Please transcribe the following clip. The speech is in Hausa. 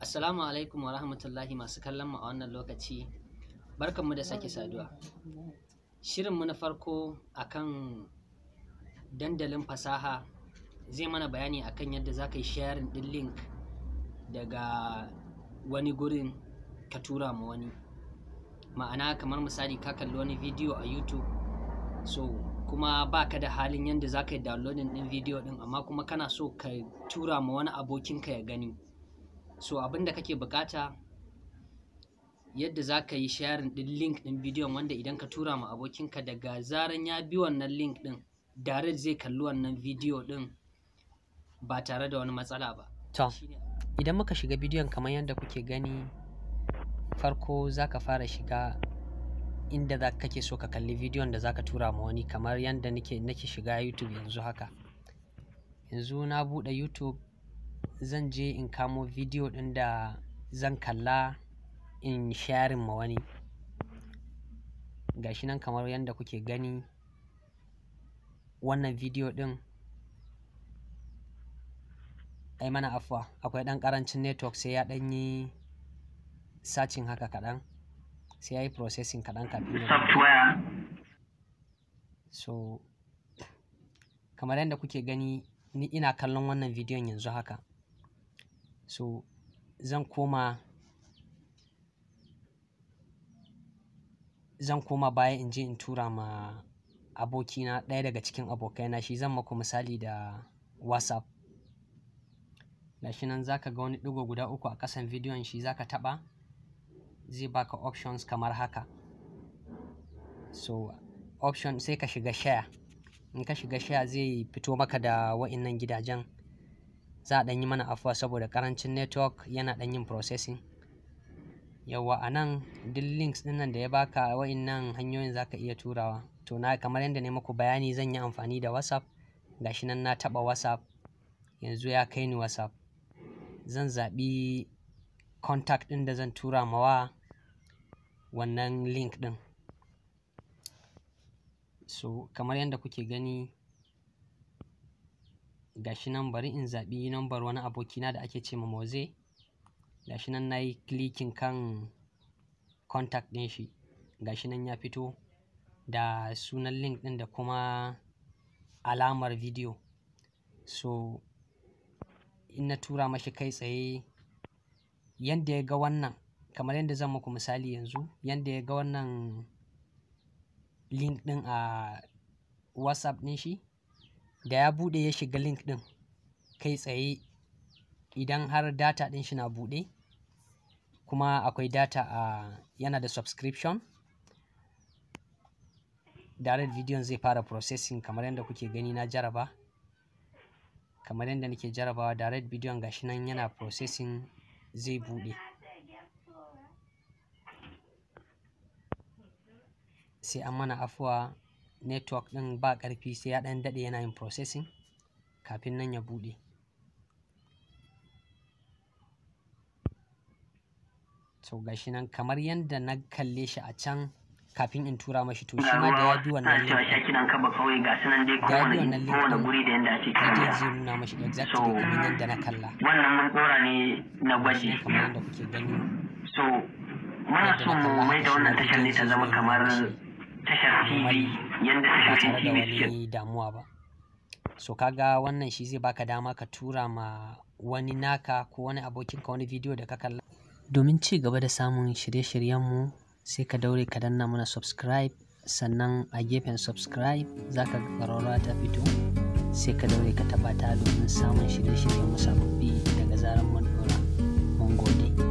Assalamu alaikum wa rahmatullahi masu kallon mu a wannan lokaci. Barkanmu da sake saduwa. Shirin mu na farko akan dandalin fasaha zai mana bayani akan yadda za ka yi sharing ɗin link daga wani gurin ka tura ma wani. Ma'ana kamar misali ka kalli wani bidiyo a YouTube so kuma ba ka da halin yadda za ka yi downloading ɗin bidiyo ɗin amma kuma kana so ka tura ma wani abokinka ya gani. so abin abinda kake bukata yadda za ka yi sharin din link din bidiyon wanda idan ka tura ma abokinka daga zaran ya bi wannan link din direct zai kalli wannan bidiyo ɗin ba tare da wani matsala ba to idan muka shiga bidiyon kamar yadda kuke gani farko za ka fara shiga inda za kake so ka kalli bidiyon da za ka tura ma wani kamar yadda nake shiga youtube yanzu haka yanzu na buɗe youtube zan je in kamo bidiyo ɗin da zan kalla in sharing ma wani. Gashi nan kamar yadda kuke gani wannan bidiyo ɗin ai mana afuwa akwai ɗan ƙarancin network sai ya ɗan yi searching haka kaɗan sai ya yi processing kaɗan kafin ya so kamar yadda kuke gani ni ina kallon wannan video yanzu haka So zan koma, zan koma baya in je in tura ma abokina ɗaya daga cikin abokaina shi zan maku misali da WhatsApp. shi nan za ka ga wani ɗigo guda uku a ƙasan bidiyon shi za ka taɓa zai baka options kamar haka. So option sai ka shiga share. In ka shiga share zai fito maka da wa'innan gidajen. za a ɗan yi mana afuwa saboda ƙarancin network yana ɗan yin processing yawa a nan duk links ɗin nan da ya baka wa'innan hanyoyin za ka iya turawa to na kamar yadda ne muku bayani zan yi amfani da whatsapp gashi nan na taɓa whatsapp yanzu ya kai ni whatsapp zan zaɓi contact ɗin da zan tura mawa wannan link ɗin so kamar yadda kuke gani gashi nan bari in zaɓi nambar wani abokina da ake ce ma moze gashi nan na yi klikin kan contact ɗin shi gashi nan ya fito da sunan link ɗin da kuma alamar video so in na tura mashi kai tsaye yanda ya ga wannan kamar yadda zan muku misali yanzu yanda ya ga wannan link ɗin a whatsapp ɗin shi da ya buɗe ya shiga link ɗin kai tsaye idan har data ɗin shi na buɗe kuma akwai data a yana da subscription direct video zai fara processing kamar yadda kuke gani na jaraba kamar yadda nake jarabawa direct video gashi nan yana processing zai buɗe sai an mana afuwa network ɗin ba ƙarfi sai ya ɗan daɗe yana yin processing kafin nan ya buɗe ga gashi nan kamar yadda na kalle shi a can kafin in tura mashi to shi ma da ya bi wannan link ya kiran ka ba kawai ga sunan dai ko wani ko wani guri da yanda ake kira ya zai nuna mashi exactly kamar yadda na kalla wannan mun dora ne na gwaji kamar yadda kuke gani so muna so mu mai da wannan tashar ne ta zama kamar tashar TV yanda da TV damuwa ba so kaga wannan shi zai baka dama ka tura ma wani naka ko wani abokinka wani bidiyo da ka kalla domin ci gaba da samun shirye-shiryenmu sai ka daure ka danna mana subscribe sannan a gefen subscribe za ka ga ta fito sai ka daure ka tabbata domin samun shirye-shiryenmu sababbi daga zaran mun dora mun gode